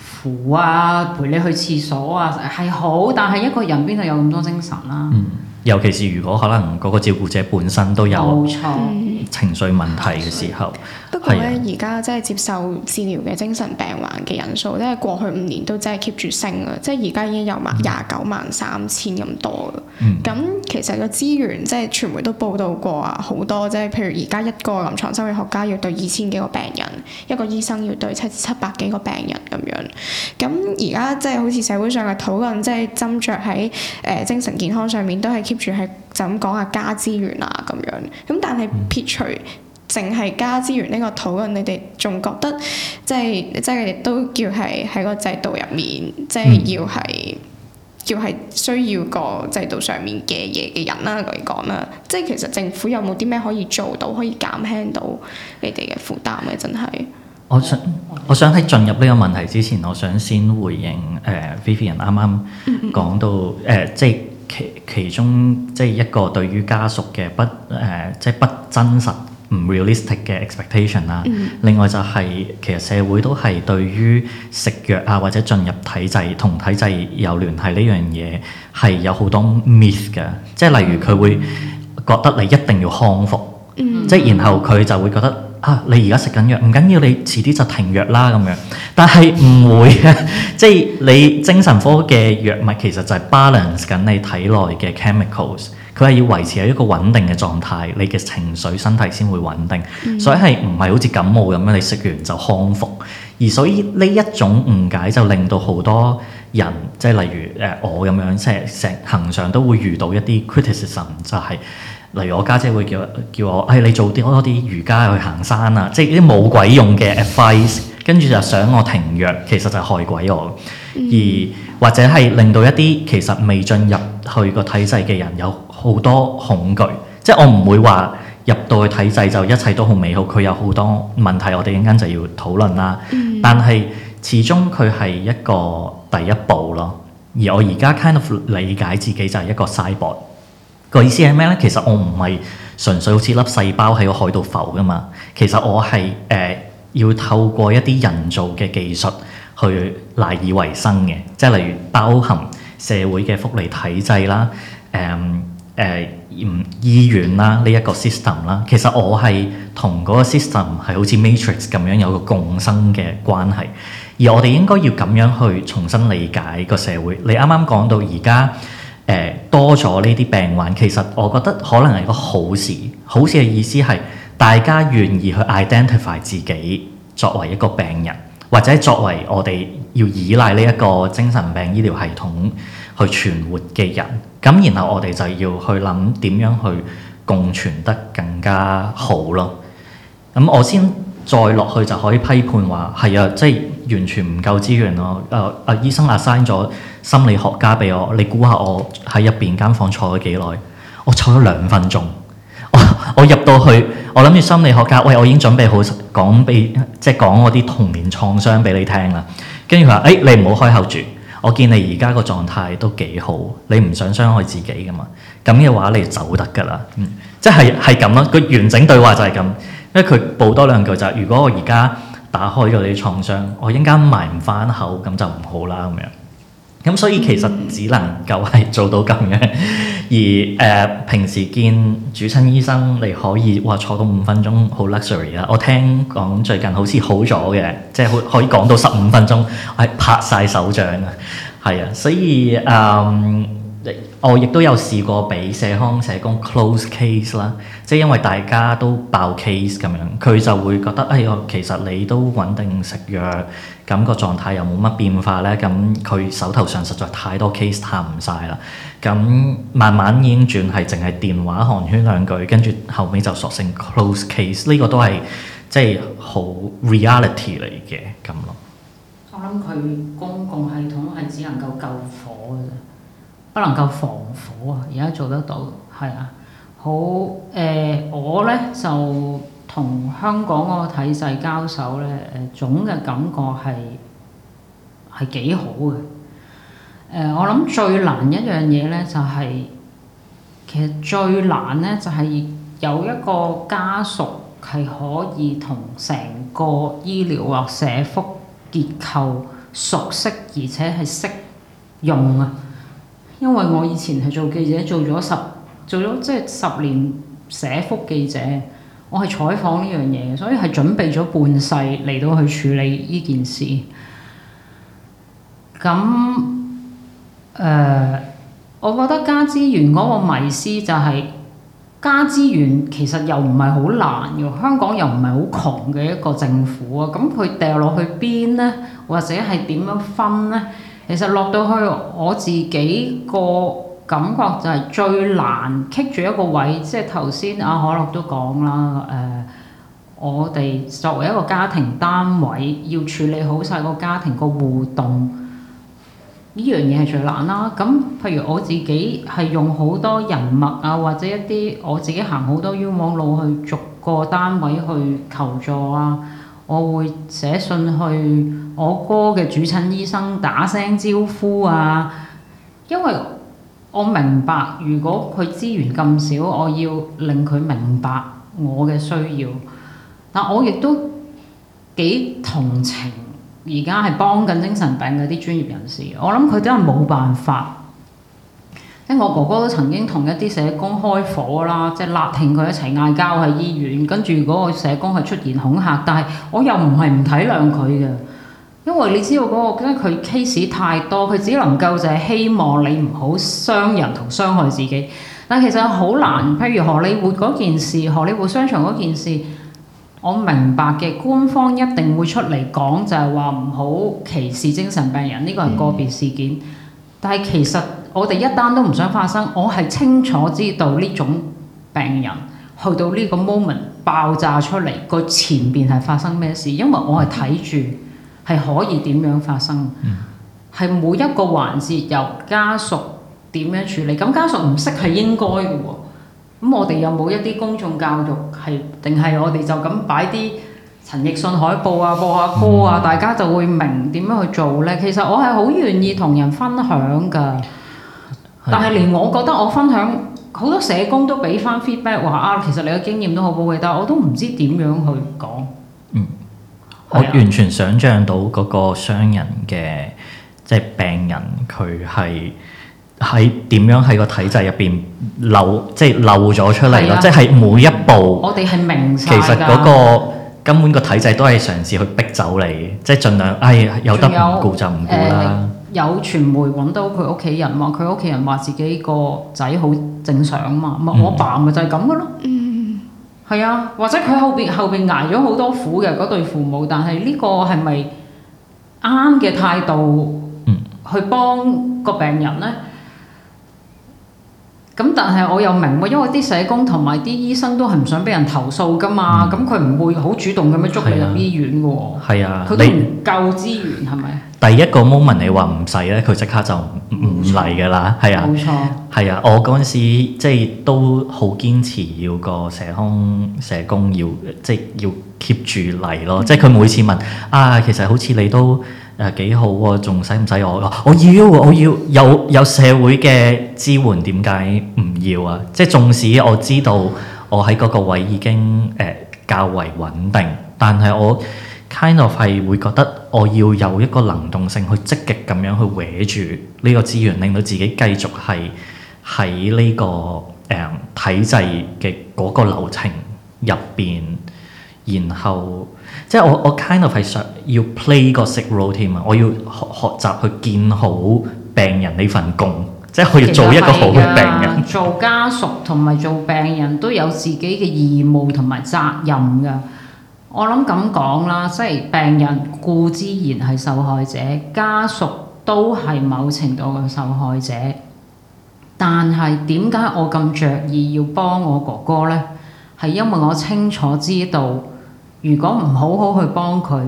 扶啊，陪你去廁所啊，係好，但係一個人邊度有咁多精神啦，啊？嗯尤其是如果可能嗰個照顧者本身都有冇錯、嗯、情緒問題嘅時候，不過咧而家即係接受治療嘅精神病患嘅人數咧，嗯、過去五年都真係 keep 住升啊！即係而家已經有埋廿九萬三千咁多啦。咁、嗯、其實個資源即係傳媒都報道過啊，好多即係譬如而家一個臨床心理學家要對二千幾個病人，一個醫生要對七七百幾個病人咁樣。咁而家即係好似社會上嘅討論，即係斟酌喺誒、呃、精神健康上面，都係 keep 住係就咁講下加資源啊咁樣。咁但係撇除淨係加資源呢個討論，你哋仲覺得即係即係都叫係喺個制度入面，嗯、即係要係叫係需要個制度上面嘅嘢嘅人啦嚟講啦，即係其實政府有冇啲咩可以做到，可以減輕到你哋嘅負擔嘅？真係。我想我想喺進入呢個問題之前，我想先回應誒、呃、Vivian 啱啱講到誒、mm hmm. 呃，即係其其中即係一個對於家屬嘅不誒、呃，即係不真實唔 realistic 嘅 expectation 啦、mm。Hmm. 另外就係、是、其實社會都係對於食藥啊或者進入體制同體制有聯繫呢樣嘢係有好多 myth 嘅，即係例如佢會覺得你一定要康復，mm hmm. 即係然後佢就會覺得。啊！你而家食緊藥唔緊要，你遲啲就停藥啦咁樣。但係唔會嘅， 即係你精神科嘅藥物其實就係 balance 緊你體內嘅 chemicals，佢係要維持喺一個穩定嘅狀態，你嘅情緒身體先會穩定。嗯、所以係唔係好似感冒咁樣，你食完就康復？而所以呢一種誤解就令到好多人，即係例如誒我咁樣，成成行上都會遇到一啲 criticism，就係、是。例如我家姐，姐會叫叫我，誒、哎、你做啲多啲瑜伽去行山啊！即係啲冇鬼用嘅 advice，跟住就想我停藥，其實就害鬼我。嗯、而或者係令到一啲其實未進入去個體制嘅人有好多恐懼，即係我唔會話入到去體制就一切都好美好。佢有好多問題，我哋陣間就要討論啦。嗯、但係始終佢係一個第一步咯。而我而家 kind of 理解自己就係一個 sideboard。個意思係咩咧？其實我唔係純粹好似粒細胞喺個海度浮噶嘛，其實我係誒、呃、要透過一啲人造嘅技術去賴以為生嘅，即係例如包含社會嘅福利體制啦，誒誒嗯醫院啦呢一個 system 啦，其實我係同嗰個 system 係好似 matrix 咁樣有個共生嘅關係，而我哋應該要咁樣去重新理解個社會。你啱啱講到而家。誒多咗呢啲病患，其實我覺得可能係個好事。好事嘅意思係大家願意去 identify 自己作為一個病人，或者作為我哋要依賴呢一個精神病醫療系統去存活嘅人。咁然後我哋就要去諗點樣去共存得更加好咯。咁我先再落去就可以批判話係啊，即係完全唔夠資源咯。誒、啊、誒，醫生阿山咗。心理學家俾我，你估下我喺入邊間房坐咗幾耐？我坐咗兩分鐘。我我入到去，我諗住心理學家，喂，我已經準備好講俾即係講我啲童年創傷俾你聽啦。跟住佢話，誒、欸，你唔好開口住。我見你而家個狀態都幾好，你唔想傷害自己噶嘛？咁嘅話，你就走得㗎啦、嗯。即係係咁咯。個完整對話就係咁，因為佢補多兩句就係、是：如果我而家打開咗你啲創傷，我一陣埋唔返口，咁就唔好啦。咁樣。咁所以其實只能夠係做到咁樣，而誒、呃、平時見主診醫生，你可以話坐到五分鐘好 luxury 啦！我聽講最近好似好咗嘅，即係可可以講到十五分鐘係、哎、拍晒手掌啊，係啊，所以誒。嗯我亦都有試過俾社康社工 close case 啦，即係因為大家都爆 case 咁樣，佢就會覺得哎呀，其實你都穩定食藥，咁個狀態又冇乜變化咧，咁佢手頭上實在太多 case，探唔晒啦，咁慢慢已經轉係淨係電話寒暄兩句，跟住後尾就索性 close case，呢個都係即係好 reality 嚟嘅咁咯。我諗佢公共系統係只能夠救火㗎啫。不能夠防火啊！而家做得到，係啊，好誒、呃，我呢就同香港嗰個體制交手呢，誒、呃、總嘅感覺係係幾好嘅、呃。我諗最難一樣嘢呢，就係、是、其實最難呢，就係、是、有一個家屬係可以同成個醫療或社福結構熟悉，而且係識用啊！因為我以前係做記者，做咗十做咗即係十年社福記者，我係採訪呢樣嘢，所以係準備咗半世嚟到去處理呢件事。咁誒、呃，我覺得加資源嗰個迷思就係、是、加資源其實又唔係好難嘅，香港又唔係好窮嘅一個政府啊，咁佢掉落去邊呢？或者係點樣分呢？其實落到去我自己個感覺就係最難棘住一個位，即係頭先阿可樂都講啦，誒、呃，我哋作為一個家庭單位，要處理好晒個家庭個互動，呢樣嘢係最難啦。咁譬如我自己係用好多人物啊，或者一啲我自己行好多冤枉路去逐個單位去求助啊，我會寫信去。我哥嘅主診醫生打聲招呼啊，因為我明白，如果佢資源咁少，我要令佢明白我嘅需要。但我亦都幾同情而家係幫緊精神病嗰啲專業人士。我諗佢真係冇辦法，即我哥哥都曾經同一啲社工開火啦，即係勒停佢一齊嗌交喺醫院，跟住嗰個社工係出言恐嚇。但係我又唔係唔體諒佢嘅。因為你知道嗰個，因為佢 case 太多，佢只能夠就係希望你唔好傷人同傷害自己。但其實好難，譬如荷里活嗰件事，荷里活商場嗰件事，我明白嘅，官方一定會出嚟講，就係話唔好歧視精神病人。呢個係個別事件，嗯、但係其實我哋一單都唔想發生。我係清楚知道呢種病人去到呢個 moment 爆炸出嚟，個前邊係發生咩事，因為我係睇住。係可以點樣發生？係、嗯、每一個環節由家屬點樣處理？咁家屬唔識係應該嘅喎、哦。咁、嗯、我哋有冇一啲公眾教育係？定係我哋就咁擺啲陳奕迅海報啊，播下歌啊，大家就會明點樣去做呢？其實我係好願意同人分享㗎，但係連我覺得我分享好多社工都俾翻 feedback 話啊，其實你嘅經驗都好寶貴，但係我都唔知點樣去講。我完全想象到嗰個傷人嘅即係病人，佢係喺點樣喺個體制入邊漏，係啊、即係漏咗出嚟咯。即係每一步，我哋係明。其實嗰、那個根本個體制都係嘗試去逼走你，即、就、係、是、盡量，哎，有得唔顧就唔顧啦、呃。有傳媒揾到佢屋企人話，佢屋企人話自己個仔好正常啊嘛。咪、嗯、我爸咪就係咁嘅咯。係啊，或者佢後邊後邊捱咗好多苦嘅嗰對父母，但係呢個係咪啱嘅態度去幫個病人咧？咁但係我又明喎，因為啲社工同埋啲醫生都係唔想俾人投訴噶嘛，咁佢唔會好主動咁樣捉你入醫院嘅喎。係啊，佢、啊、都唔夠資源係咪？你吧第一個 moment 你話唔使咧，佢即刻就唔嚟噶啦。係錯啊，冇錯錯。係啊，我嗰陣時即係都好堅持要個社康社工要即係要 keep 住嚟咯。即係佢、嗯、每次問啊，其實好似你都。誒、啊、幾好喎、啊？仲使唔使我？我要我要有有社會嘅支援，點解唔要啊？即係縱使我知道我喺嗰個位已經誒、呃、較為穩定，但係我 kind of 係會覺得我要有一個能動性去積極咁樣去搲住呢個資源，令到自己繼續係喺呢個誒、呃、體制嘅嗰個流程入邊。然後即係我我 kind of 係想、sure，要 play 個 sick role 添啊！我要學學習去見好病人呢份工，即係去做一個好嘅病人。做家屬同埋做病人，都有自己嘅義務同埋責任㗎。我諗咁講啦，即係病人固之然係受害者，家屬都係某程度嘅受害者。但係點解我咁著意要幫我哥哥呢？係因為我清楚知道。如果唔好好去幫佢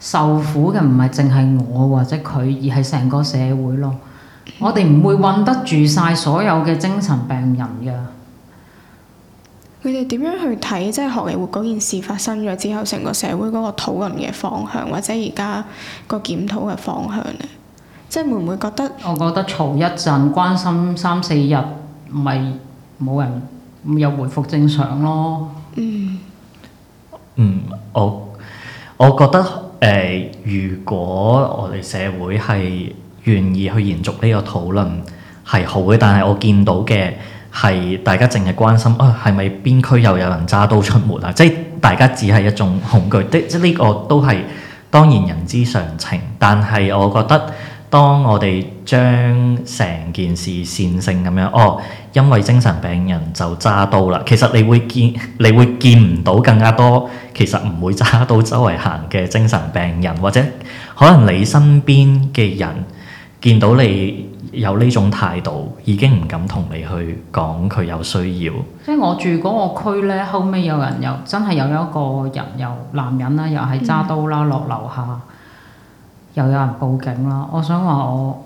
受苦嘅，唔係淨係我或者佢，而係成個社會咯。嗯、我哋唔會韞得住晒所有嘅精神病人嘅。佢哋點樣去睇？即係荷里活嗰件事發生咗之後，成個社會嗰個討論嘅方向，或者而家個檢討嘅方向呢？即係會唔會覺得？我覺得嘈一陣，關心三四日，咪冇人又回復正常咯。嗯。嗯，我我覺得誒、呃，如果我哋社會係願意去延續呢個討論係好嘅，但係我見到嘅係大家淨係關心啊，呃、係咪邊區又有人揸刀出門啊？即係大家只係一種恐懼的，即呢個都係當然人之常情，但係我覺得。當我哋將成件事線性咁樣，哦，因為精神病人就揸刀啦。其實你會見，你會見唔到更加多，其實唔會揸刀周圍行嘅精神病人，或者可能你身邊嘅人見到你有呢種態度，已經唔敢同你去講佢有需要。即係我住嗰個區呢，後尾有人又真係有一個人又男人啦，又係揸刀啦，落樓下。又有人報警啦！我想話我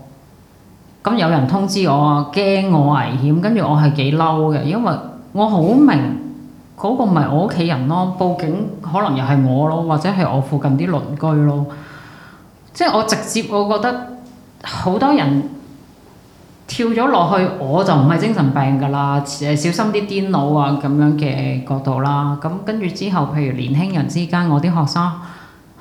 咁有人通知我，驚我危險，跟住我係幾嬲嘅，因為我好明嗰個唔係我屋企人咯，報警可能又係我咯，或者係我附近啲鄰居咯。即係我直接，我覺得好多人跳咗落去，我就唔係精神病㗎啦。誒，小心啲癲佬啊咁樣嘅角度啦。咁跟住之後，譬如年輕人之間，我啲學生。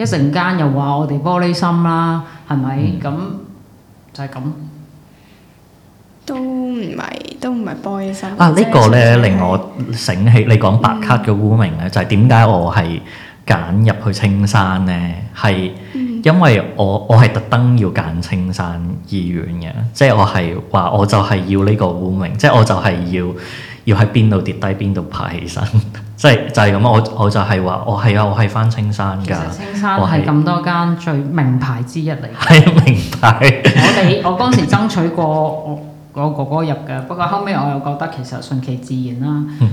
一陣間又話我哋玻璃心啦，係咪？咁、嗯、就係、是、咁。都唔係，都唔係玻璃心。啊！這個、呢個咧令我醒起，你講白卡嘅污名咧，就係點解我係揀入去青山咧？係因為我我係特登要揀青山醫院嘅，即、就、係、是、我係話我就係要呢個污名，即係我就係要要喺邊度跌低邊度爬起身。 即係就係咁、哦、啊！我我就係話，我係啊！我係翻青山㗎。其實青山係咁是多間最名牌之一嚟。係名牌 我。我哋我當時爭取過我，我哥哥入嘅。不過後尾我又覺得其實順其自然啦、啊、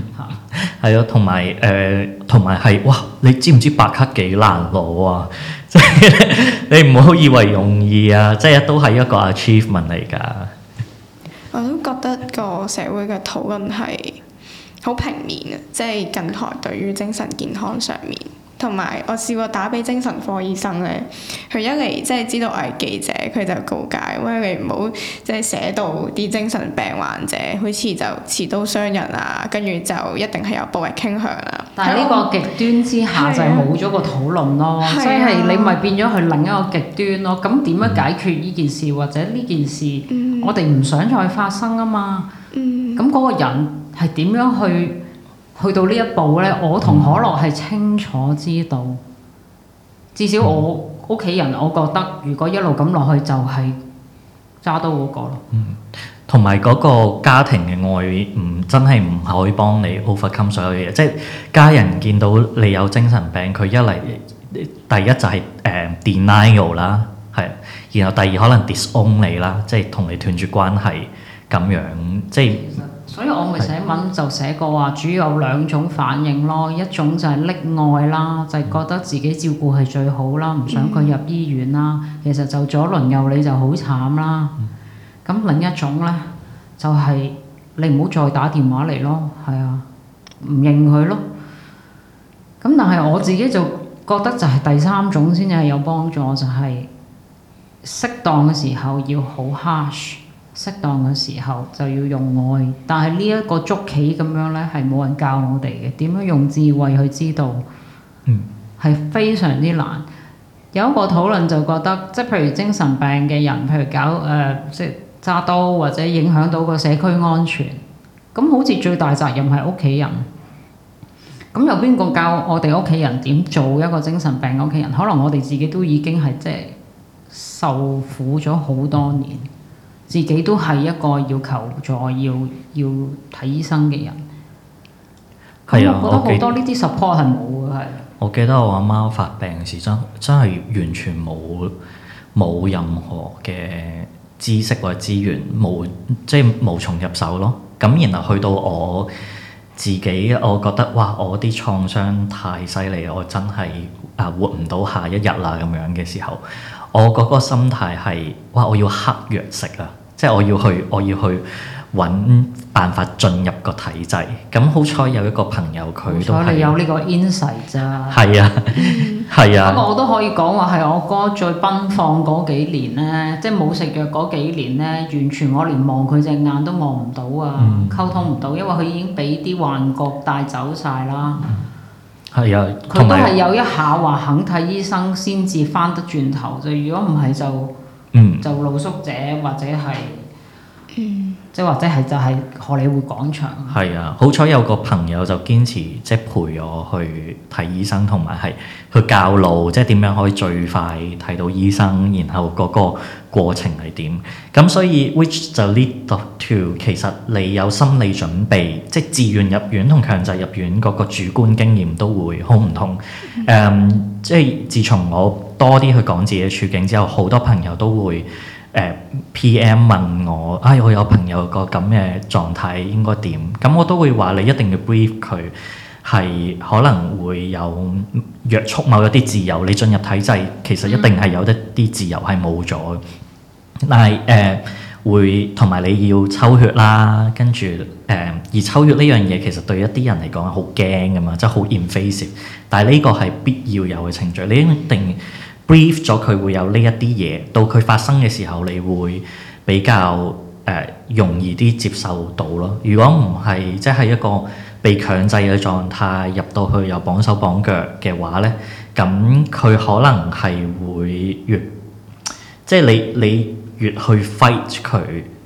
嚇。係咯、嗯，同埋誒，同埋係哇！你知唔知白卡幾難攞啊？即 係你唔好以為容易啊！即係都係一個 achievement 嚟㗎。我都覺得個社會嘅討論係。好平面啊！即係近台對於精神健康上面，同埋我試過打俾精神科醫生咧，佢一嚟即係知道我係記者，佢就告誡，喂，你唔好即係寫到啲精神病患者好似就持刀傷人啊，跟住就一定係有暴力傾向啊！但係呢個極端之下就係冇咗個討論咯，所以係你咪變咗去另一個極端咯。咁點、啊、樣解決呢件事或者呢件事？件事嗯、我哋唔想再發生啊嘛。咁嗰、嗯、個人。係點樣去去到呢一步咧？嗯、我同可樂係清楚知道，至少我屋企、嗯、人，我覺得如果一路咁落去就，就係揸到嗰個咯。嗯，同埋嗰個家庭嘅愛唔真係唔可以幫你 overcome 所有嘢，即、就、係、是、家人見到你有精神病，佢一嚟第一就係、是、誒、uh, denial 啦，係，然後第二可能 disown 你啦，即係同你斷絕關係咁樣，即、就、係、是。Yes. 所以我咪寫文就寫過話，主要有兩種反應咯。一種就係溺愛啦，就係、是、覺得自己照顧係最好啦，唔想佢入醫院啦。嗯、其實就左輪右你就好慘啦。咁、嗯、另一種呢，就係、是、你唔好再打電話嚟、啊、咯。係啊，唔認佢咯。咁但係我自己就覺得就係第三種先至係有幫助，就係、是、適當嘅時候要好 harsh。適當嘅時候就要用愛，但係呢一個捉棋咁樣呢，係冇人教我哋嘅。點樣用智慧去知道，係、嗯、非常之難。有一個討論就覺得，即係譬如精神病嘅人，譬如搞誒、呃、即係揸刀或者影響到個社區安全，咁好似最大責任係屋企人。咁有邊個教我哋屋企人點做一個精神病嘅屋企人？可能我哋自己都已經係即係受苦咗好多年。嗯自己都係一個要求助、要要睇醫生嘅人。係啊，我覺得好多呢啲 support 係冇嘅，係。我記得我阿媽，媽發病時真，真真係完全冇冇任何嘅知識或者資源，無即係無從入手咯。咁然後去到我自己，我覺得哇，我啲創傷太犀利，我真係啊活唔到下一日啦咁樣嘅時候，我嗰個心態係哇，我要黑藥食啊！即係我要去，我要去揾辦法進入個體制。咁好彩有一個朋友，佢都係有呢個 insight 咋。係啊，係 啊。不過、啊、我都可以講話係我哥最奔放嗰幾年呢，即係冇食藥嗰幾年呢，完全我連望佢隻眼都望唔到啊，嗯、溝通唔到，因為佢已經俾啲幻覺帶走晒啦。係、嗯、啊，佢都係有一下話肯睇醫生先至翻得轉頭啫，如果唔係就。就露宿者或者係，即係、嗯、或者係就係荷里活廣場。係啊，好彩有個朋友就堅持即係、就是、陪我去睇醫生，同埋係去教路，即係點樣可以最快睇到醫生，然後嗰個過程係點。咁所以 which 就 lead 到 to，其實你有心理準備，即、就、係、是、自願入院同強制入院嗰個主觀經驗都會好唔同。誒、嗯、即係、um, 自從我。多啲去講自己嘅處境之後，好多朋友都會誒、呃、PM 問我，啊、哎，我有朋友個咁嘅狀態應該點？咁我都會話你一定要 brief 佢，係可能會有約束某一啲自由。你進入體制，其實一定係有啲啲自由係冇咗。但係誒、呃、會同埋你要抽血啦，跟住誒、呃、而抽血呢樣嘢其實對一啲人嚟講係好驚㗎嘛，即係好 invasive。但係呢個係必要有嘅程序，你一定。嗯 Brief 咗，佢會有呢一啲嘢。到佢發生嘅時候，你會比較誒、呃、容易啲接受到咯。如果唔係，即係一個被強制嘅狀態入到去又綁綁，又綁手綁腳嘅話咧，咁佢可能係會越即係你你越去 fight 佢，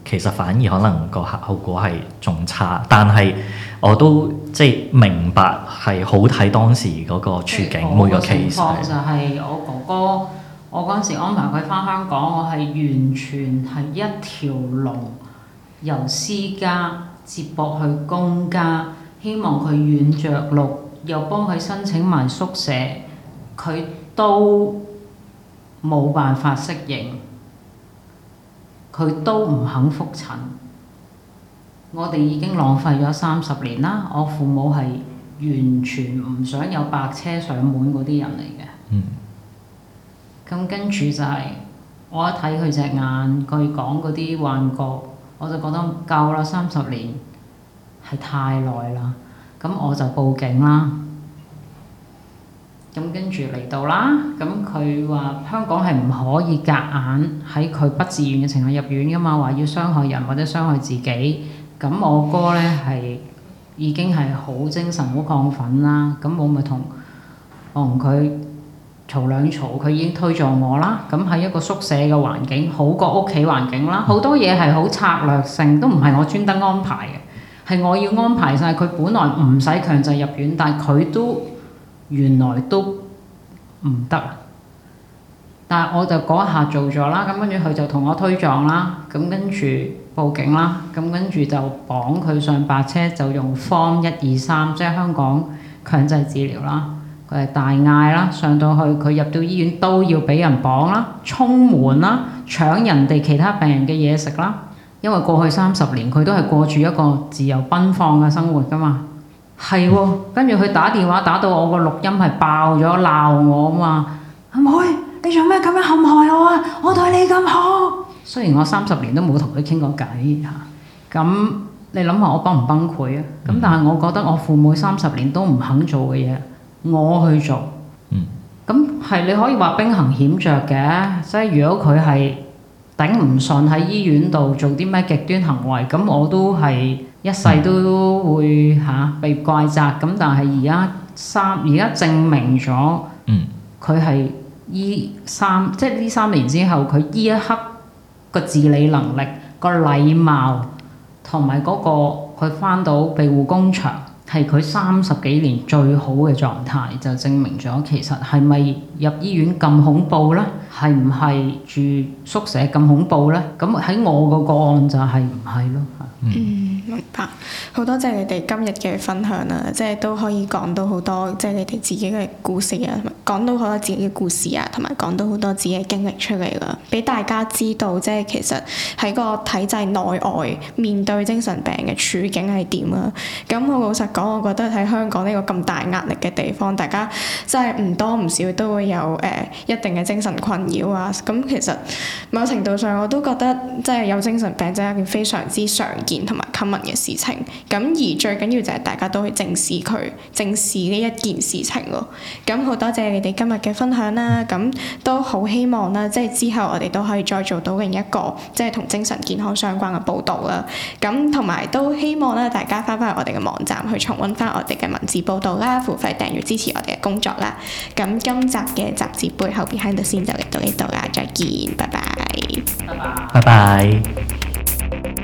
其實反而可能個效效果係仲差。但係我都即係明白係好睇當時嗰個處境，每個 case 係。就係我哥哥，我嗰陣時安排佢翻香港，我係完全係一條龍由私家接駁去公家，希望佢軟着陸，又幫佢申請埋宿舍，佢都冇辦法適應，佢都唔肯復診。我哋已經浪費咗三十年啦！我父母係完全唔想有白車上門嗰啲人嚟嘅。咁、嗯、跟住就係、是、我一睇佢隻眼，佢講嗰啲幻覺，我就覺得夠啦！三十年係太耐啦。咁我就報警啦。咁跟住嚟到啦，咁佢話香港係唔可以夾硬喺佢不自願嘅情況入院㗎嘛？話要傷害人或者傷害自己。咁我哥呢，係已經係好精神好亢奮啦，咁我咪同同佢嘈兩嘈，佢已經推咗我啦。咁喺一個宿舍嘅環境好過屋企環境啦，好多嘢係好策略性，都唔係我專登安排嘅，係我要安排晒，佢、就是、本來唔使強制入院，但係佢都原來都唔得，但係我就嗰下做咗啦。咁跟住佢就同我推撞啦，咁跟住。報警啦，咁跟住就綁佢上白車，就用 form 一二三，即係香港強制治療啦。佢係大嗌啦，上到去佢入到醫院都要俾人綁啦，充滿啦，搶人哋其他病人嘅嘢食啦。因為過去三十年佢都係過住一個自由奔放嘅生活㗎嘛，係喎。跟住佢打電話打到我個錄音係爆咗鬧我啊嘛，阿妹你做咩咁樣陷害我啊？我對你咁好。雖然我三十年都冇同佢傾過偈嚇，咁、啊、你諗下我崩唔崩潰啊？咁、嗯、但係我覺得我父母三十年都唔肯做嘅嘢，我去做，咁係、嗯、你可以話兵行險著嘅。即係如果佢係頂唔順喺醫院度做啲咩極端行為，咁我都係一世都會嚇、嗯啊、被怪責。咁但係而家三而家證明咗，佢係依三即係呢三年之後，佢依一刻。個自理能力、個禮貌同埋嗰個佢翻到庇護工場係佢三十幾年最好嘅狀態，就證明咗其實係咪入醫院咁恐怖呢？係唔係住宿舍咁恐怖呢？咁喺我個個案就係唔係咯？嗯，明白，嗯，好多謝你哋今日嘅分享啊！即係都可以講到好多，即係你哋自己嘅故事啊！講到好多自己嘅故事啊，同埋講到好多自己嘅經歷出嚟啦，俾大家知道即係其實喺個體制內外面對精神病嘅處境係點啊。咁我老實講，我覺得喺香港呢個咁大壓力嘅地方，大家真係唔多唔少都會有誒、呃、一定嘅精神困擾啊。咁其實某程度上我都覺得即係有精神病真係一件非常之常見同埋 common 嘅事情。咁而最緊要就係大家都去正視佢，正視呢一件事情咯。咁好多謝。你哋今日嘅分享啦，咁都好希望啦，即係之後我哋都可以再做到另一個即係同精神健康相關嘅報道啦。咁同埋都希望啦，大家翻翻去我哋嘅網站去重溫翻我哋嘅文字報道啦，付費訂閱支持我哋嘅工作啦。咁今集嘅集誌背後 Behind the Scene 就嚟到呢度啦，再見，拜拜，拜拜，拜拜。